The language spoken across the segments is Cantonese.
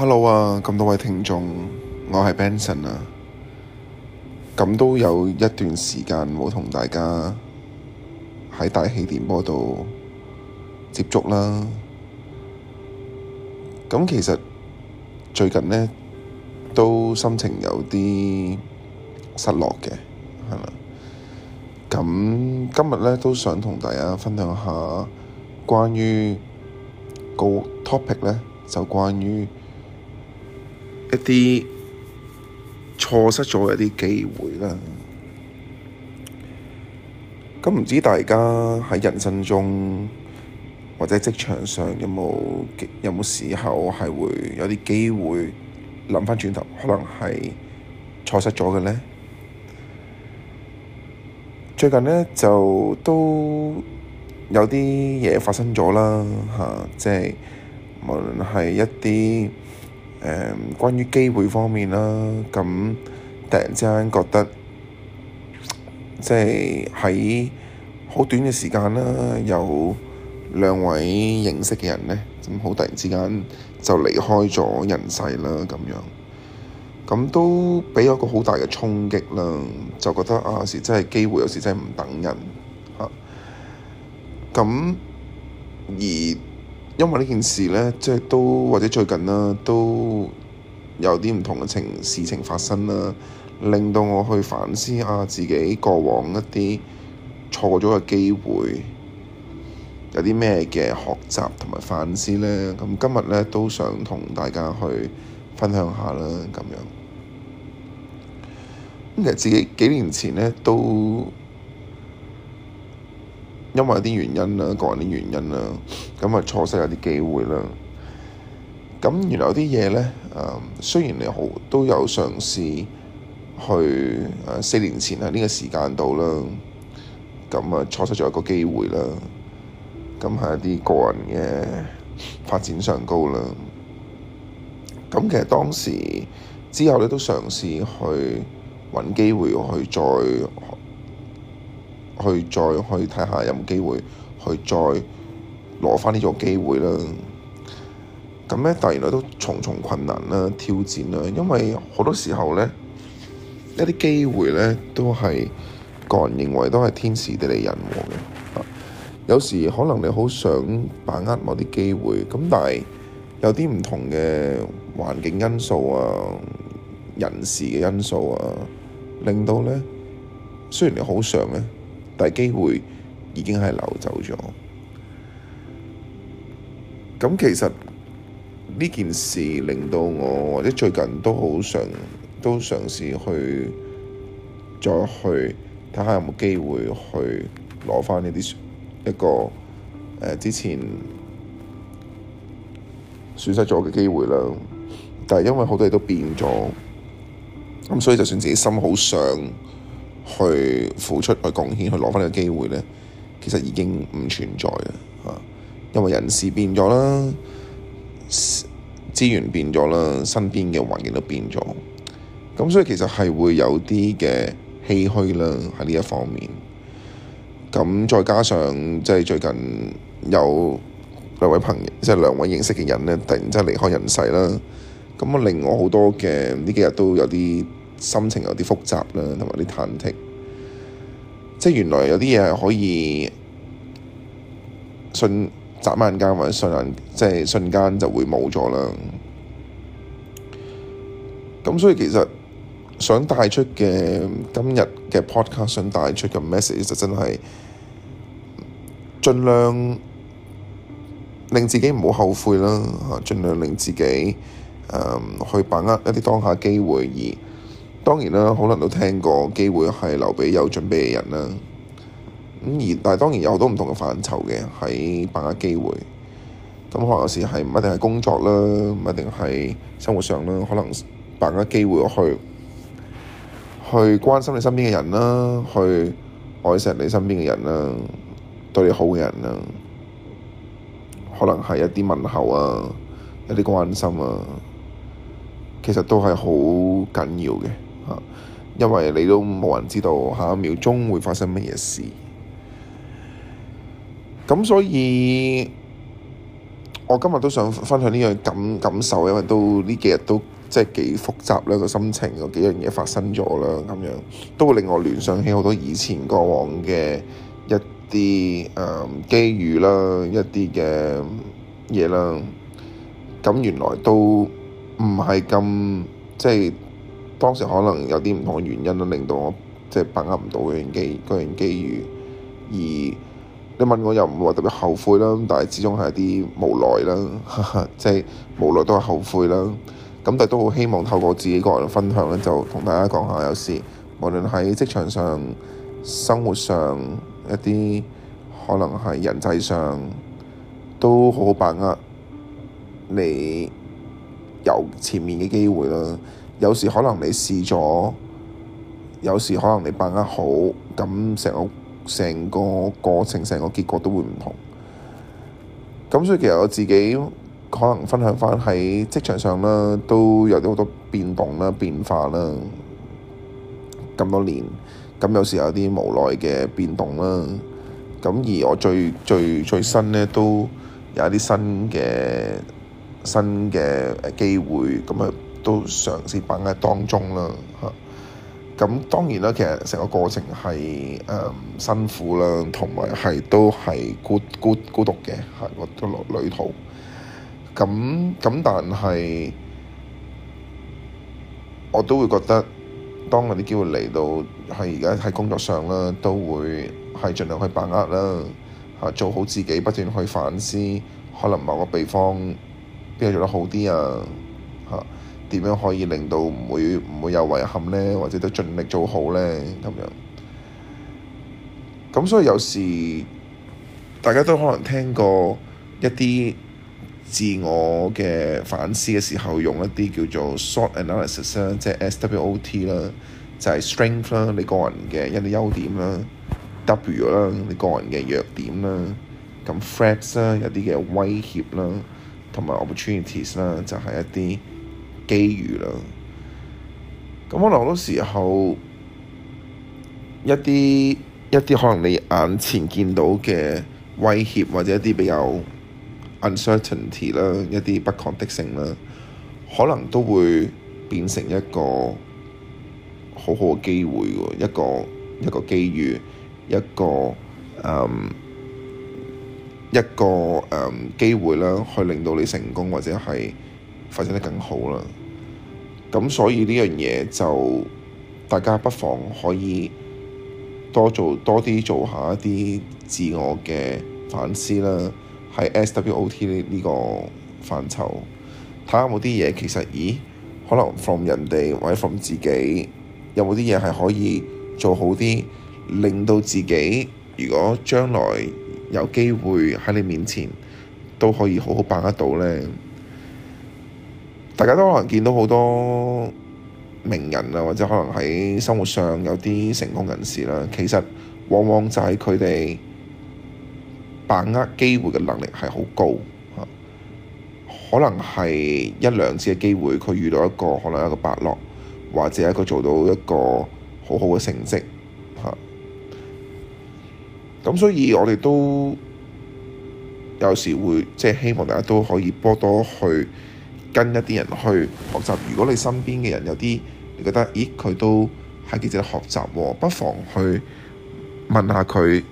Hello 啊，咁多位聽眾，我係 Benson 啊。咁都有一段時間冇同大家喺大氣電波度接觸啦。咁其實最近呢，都心情有啲失落嘅，係嘛。咁今日咧都想同大家分享下關於個 topic 咧，就關於。一啲錯失咗一啲機會啦，咁唔知大家喺人生中或者職場上有冇有冇時候係會有啲機會諗返轉頭，可能係錯失咗嘅呢？最近呢，就都有啲嘢發生咗啦，嚇、啊，即係無論係一啲。誒，關於機會方面啦，咁突然之間覺得，即係喺好短嘅時間啦，有兩位認識嘅人呢，咁好突然之間就離開咗人世啦，咁樣，咁都畀我一個好大嘅衝擊啦，就覺得啊，有時真係機會，有時真係唔等人嚇，咁而。因為呢件事呢，即係都或者最近啦，都有啲唔同嘅情事情發生啦，令到我去反思下自己過往一啲錯咗嘅機會，有啲咩嘅學習同埋反思呢？咁今日呢，都想同大家去分享下啦，咁樣。咁其實自己幾年前呢，都。因為啲原因啦，個人啲原因啦，咁啊錯失咗啲機會啦。咁原來有啲嘢咧，誒雖然你好都有嘗試去誒四年前喺呢個時間度啦，咁啊錯失咗一個機會啦。咁係一啲個人嘅發展上高啦。咁其實當時之後咧都嘗試去搵機會去再。去再去睇下有冇機會去再攞翻呢個機會啦。咁咧，但原來都重重困難啦、啊、挑戰啦、啊，因為好多時候咧，一啲機會咧都係個人認為都係天時地利人和嘅。有時可能你好想把握某啲機會，咁但係有啲唔同嘅環境因素啊、人事嘅因素啊，令到咧雖然你好想嘅。但係機會已經係流走咗。咁其實呢件事令到我或者最近都好想，都嘗試去再去睇下有冇機會去攞翻呢啲一個誒、呃、之前損失咗嘅機會啦。但係因為好多嘢都變咗，咁所以就算自己心好想。去付出、去貢獻、去攞翻呢個機會咧，其實已經唔存在啦，嚇！因為人事變咗啦，資源變咗啦，身邊嘅環境都變咗，咁所以其實係會有啲嘅唏噓啦喺呢一方面。咁再加上即係最近有兩位朋友，即係兩位認識嘅人咧，突然即係離開人世啦，咁啊令我好多嘅呢幾日都有啲。心情有啲複雜啦，同埋啲忐忑，即係原來有啲嘢係可以瞬眨眼間或者瞬即係瞬間就會冇咗啦。咁所以其實想帶出嘅今日嘅 podcast，想帶出嘅 message，就真係盡量令自己唔好後悔啦。啊，盡量令自己，令自己、嗯、去把握一啲當下機會而。當然啦，可能都聽過機會係留畀有準備嘅人啦。咁而但係當然有好多唔同嘅範疇嘅係把握機會。咁可能有時係唔一定係工作啦，唔一定係生活上啦，可能把握機會去去關心你身邊嘅人啦，去愛惜你身邊嘅人啦，對你好嘅人啦，可能係一啲問候啊，一啲關心啊，其實都係好緊要嘅。因為你都冇人知道下一秒鐘會發生乜嘢事，咁所以我今日都想分享呢樣感感受，因為都呢幾日都即係幾複雜啦個心情，有幾樣嘢發生咗啦，咁樣都會令我聯想起好多以前過往嘅一啲誒機遇啦，一啲嘅嘢啦，咁原來都唔係咁即係。當時可能有啲唔同嘅原因啦，令到我即係把握唔到嗰樣機嗰樣機遇，而你問我又唔會話特別後悔啦，但係始終係啲無奈啦，即係無奈都係後悔啦。咁但係都好希望透過自己個人分享呢，就同大家講下，有時無論喺職場上、生活上一啲可能係人際上，都好好把握你由前面嘅機會啦。有時可能你試咗，有時可能你把握好，咁成個成個過程、成個結果都會唔同。咁所以其實我自己可能分享翻喺職場上啦，都有啲好多變動啦、變化啦。咁多年，咁有時有啲無奈嘅變動啦。咁而我最最最新呢，都有一啲新嘅新嘅誒機會咁啊！都嘗試把握當中啦，咁、啊、當然啦，其實成個過程係誒、嗯、辛苦啦，同埋係都係孤孤孤獨嘅，係我都落旅途。咁咁，但係我都會覺得，當嗰啲機會嚟到，係而家喺工作上啦、啊，都會係盡量去把握啦，嚇、啊、做好自己，不斷去反思，可能某個地方邊度做得好啲啊，嚇、啊。點樣可以令到唔會唔會有遺憾呢？或者都盡力做好呢？咁樣。咁所以有時大家都可能聽過一啲自我嘅反思嘅時候，用一啲叫做 short analysis 啦，即係 SWOT 啦，就係 strength 啦，你個人嘅一啲優點啦，W 啦，你個人嘅弱點啦，咁 threats 啦，有 ities，一啲嘅威脅啦，同埋 opportunities 啦，就係一啲。機遇啦，咁可能好多時候，一啲一啲可能你眼前見到嘅威脅或者一啲比較 uncertainty 啦，一啲不確定性啦，可能都會變成一個好好嘅機會喎，一個一個機遇，一個誒、um，一個誒、um，機會啦，去令到你成功或者係發展得更好啦。咁所以呢樣嘢就大家不妨可以多做多啲做下一啲自我嘅反思啦，喺 SWOT 呢呢個範疇，睇下有冇啲嘢其實，咦？可能放人哋或者放自己，有冇啲嘢係可以做好啲，令到自己如果將來有機會喺你面前都可以好好把握到咧。大家都可能見到好多名人啊，或者可能喺生活上有啲成功人士啦。其實往往就係佢哋把握機會嘅能力係好高，可能係一兩次嘅機會，佢遇到一個可能一個伯樂，或者一個做到一個好好嘅成績嚇。咁、啊、所以我哋都有時會即係希望大家都可以多多去。跟一啲人去學習。如果你身邊嘅人有啲，你覺得咦佢都喺幾值得學習，不妨去問下佢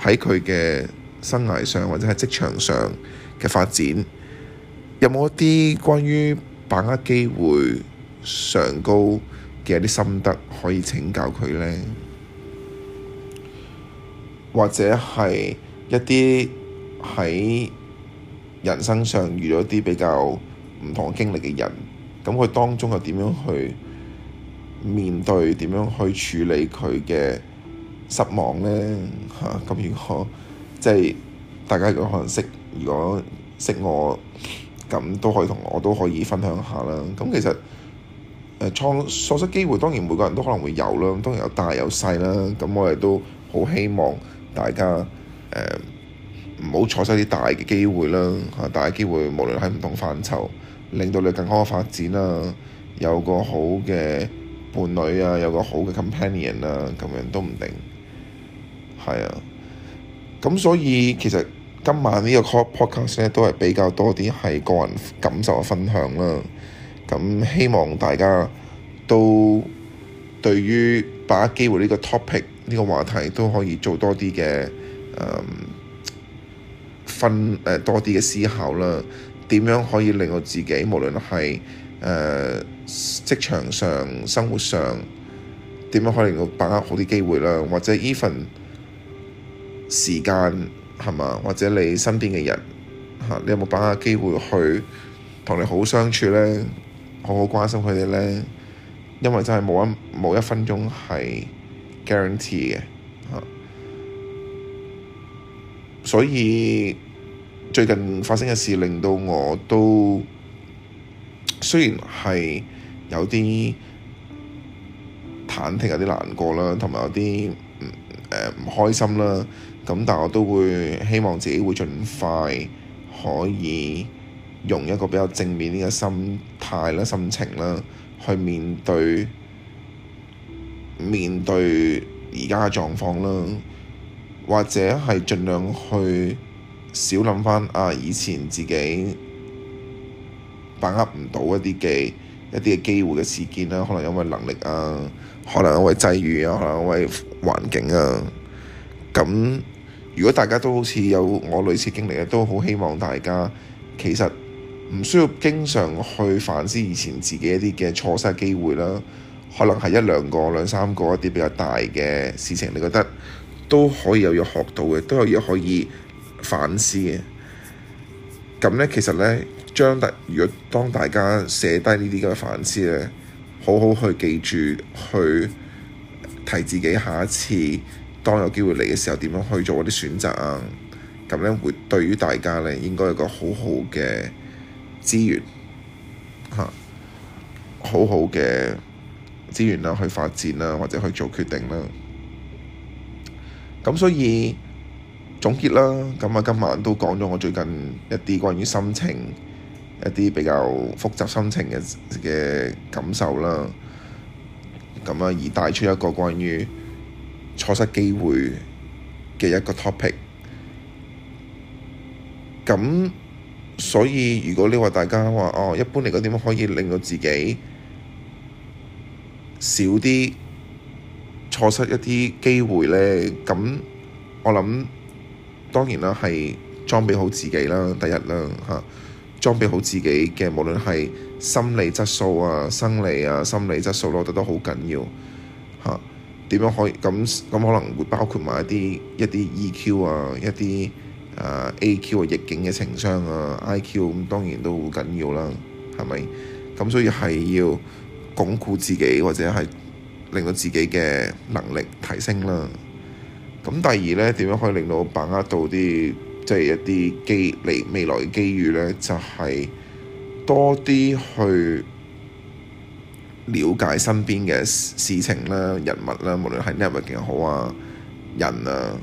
喺佢嘅生涯上或者喺職場上嘅發展有冇一啲關於把握機會上高嘅一啲心得可以請教佢呢？或者係一啲喺人生上遇到一啲比較，唔同經歷嘅人，咁佢當中係點樣去面對？點樣去處理佢嘅失望呢？嚇、啊、咁，如果即係大家如果可能識，如果識我咁，都可以同我都可以分享下啦。咁、啊、其實誒創錯失機會，當然每個人都可能會有啦，當然有大有細啦。咁我哋都好希望大家誒唔好錯失啲大嘅機會啦。嚇、啊、大嘅機會，無論喺唔同範疇。令到你更好嘅發展啦，有個好嘅伴侶啊，有個好嘅 companion 啊，咁樣都唔定，係啊。咁所以其實今晚呢個 call podcast 咧都係比較多啲係個人感受嘅分享啦。咁希望大家都對於把握機會呢個 topic 呢個話題都可以做多啲嘅，分、嗯、誒多啲嘅思考啦。點樣可以令到自己，無論係誒職場上、生活上，點樣可以令到把握好啲機會啦？或者依份時間係嘛？或者你身邊嘅人嚇、啊，你有冇把握機會去同你好好相處咧？好好關心佢哋咧，因為真係冇一冇一分鐘係 guarantee 嘅嚇、啊，所以。最近發生嘅事令到我都雖然係有啲忐忑、有啲難過啦，同埋有啲呃、唔開心啦。咁但係我都會希望自己會盡快可以用一個比較正面啲嘅心態啦、心情啦，去面對面對而家嘅狀況啦，或者係盡量去。少諗翻啊，以前自己把握唔到一啲嘅一啲嘅機會嘅事件啦，可能因為能力啊，可能因為際遇啊，可能因為環境啊。咁如果大家都好似有我類似經歷嘅，都好希望大家其實唔需要經常去反思以前自己一啲嘅錯失機會啦。可能係一兩個、兩三個一啲比較大嘅事情，你覺得都可以有嘢學到嘅，都有嘢可以。反思嘅，咁咧其實咧，將大如果當大家寫低呢啲嘅反思咧，好好去記住，去提自己下一次當有機會嚟嘅時候，點樣去做嗰啲選擇啊。咁咧會對於大家咧，應該有一個好好嘅資源嚇，好好嘅資源啦，去發展啦，或者去做決定啦。咁所以。總結啦，咁啊，今晚都講咗我最近一啲關於心情一啲比較複雜心情嘅感受啦。咁啊，而帶出一個關於錯失機會嘅一個 topic。咁所以，如果你話大家話哦，一般嚟講點樣可以令到自己少啲錯失一啲機會咧？咁我諗。當然啦，係裝備好自己啦，第一啦嚇、啊，裝備好自己嘅無論係心理質素啊、生理啊、心理質素我覺、啊、得都好緊要嚇。點、啊、樣可以咁咁可能會包括埋一啲一啲 EQ 啊、一啲啊 AQ 啊逆境嘅情商啊、IQ，咁當然都好緊要啦，係咪？咁所以係要鞏固自己或者係令到自己嘅能力提升啦。咁第二咧，點樣可以令到我把握到啲即係一啲、就是、機嚟未來嘅機遇咧？就係、是、多啲去了解身邊嘅事情啦、人物啦，無論係 network 又好啊、人啊。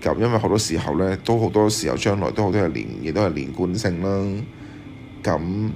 咁因為好多時候咧，都好多時候將來都好多係連亦都係連貫性啦。咁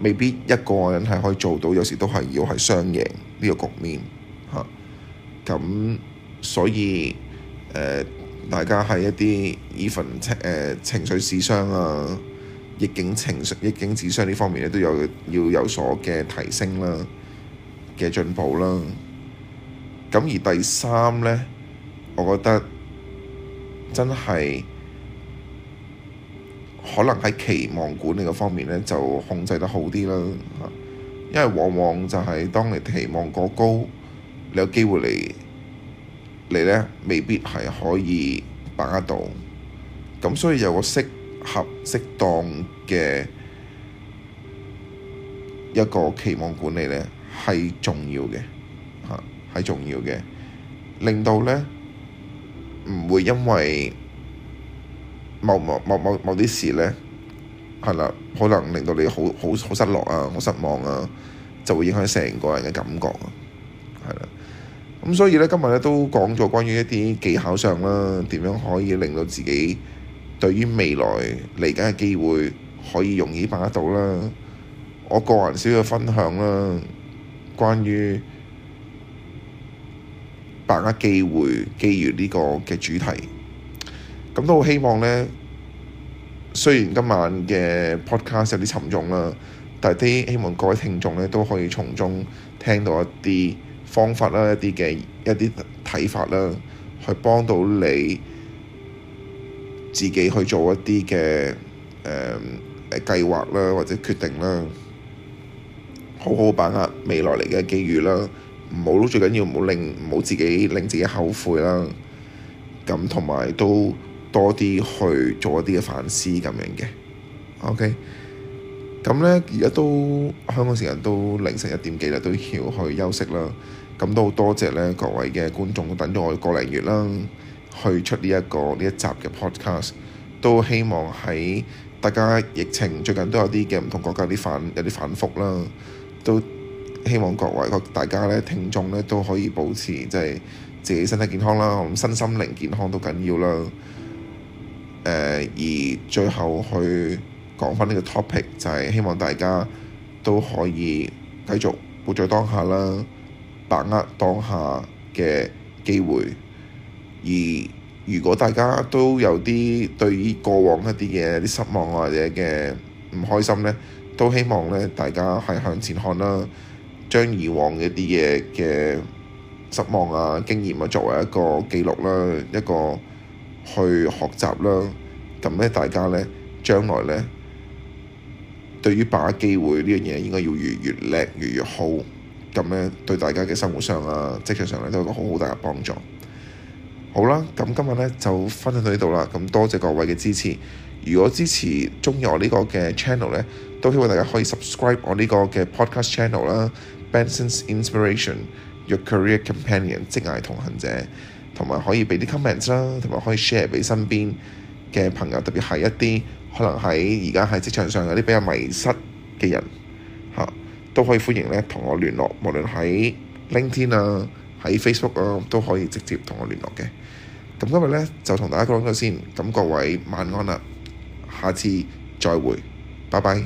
未必一個人係可以做到，有時都係要係雙贏呢個局面嚇。咁所以。Uh, 大家喺一啲依、uh, 情緒智商啊、逆境情緒、逆境智商呢方面呢都有要有所嘅提升啦、嘅進步啦。咁而第三呢，我覺得真係可能喺期望管理嗰方面呢，就控制得好啲啦。因為往往就係當你期望過高，你有機會嚟。你咧未必係可以把握到，咁所以有個適合適當嘅一個期望管理咧係重要嘅。嚇係重要嘅，令到咧唔會因為某某某某某啲事咧係啦，可能令到你好好好失落啊、好失望啊，就會影響成個人嘅感覺啊，係啦。咁、嗯、所以咧，今日咧都講咗關於一啲技巧上啦，點樣可以令到自己對於未來嚟緊嘅機會可以容易把握到啦。我個人少少嘅分享啦，關於把握機會基於呢個嘅主題。咁都好希望咧，雖然今晚嘅 podcast 有啲沉重啦，但係都希望各位聽眾咧都可以從中聽到一啲方法啦，一啲嘅一啲睇法啦，去幫到你自己去做一啲嘅誒誒計劃啦，或者決定啦，好好把握未來嚟嘅機遇啦，唔好最緊要唔好令唔好自己令自己後悔啦，咁同埋都多啲去做一啲嘅反思咁樣嘅，OK。咁咧，而家都香港時間都凌晨一點幾啦，都要去休息啦。咁都好多謝咧各位嘅觀眾等咗我一個零月啦，去出呢、這、一個呢一集嘅 podcast。都希望喺大家疫情最近都有啲嘅唔同國家啲反有啲反覆啦，都希望各位大家咧聽眾咧都可以保持即係自己身體健康啦，咁身心靈健康都緊要啦。誒、呃，而最後去。講返呢個 topic，就係希望大家都可以繼續活在當下啦，把握當下嘅機會。而如果大家都有啲對於過往一啲嘢啲失望，或者嘅唔開心咧，都希望咧大家係向前看啦，將以往嘅一啲嘢嘅失望啊、經驗啊作為一個記錄啦、啊，一個去學習啦、啊。咁咧，大家咧將來咧～對於把握機會呢樣嘢，應該要越越叻越越好。咁咧對大家嘅生活上啊、職場上呢都有個好好大嘅幫助。好啦，咁、嗯、今日咧就分享到呢度啦。咁、嗯、多謝各位嘅支持。如果支持中意我呢個嘅 channel 咧，都希望大家可以 subscribe 我呢個嘅 podcast channel 啦 ，Benson's Inspiration Your Career Companion 職涯同行者，同埋可以畀啲 comment 啦，同埋可以 share 俾身邊嘅朋友，特別係一啲可能喺而家喺職場上有啲比較迷失嘅人嚇，都可以歡迎咧同我聯絡，無論喺 LinkedIn 啊，喺 Facebook 啊都可以直接同我聯絡嘅。咁今日咧就同大家講咗先，咁各位晚安啦，下次再會，拜拜。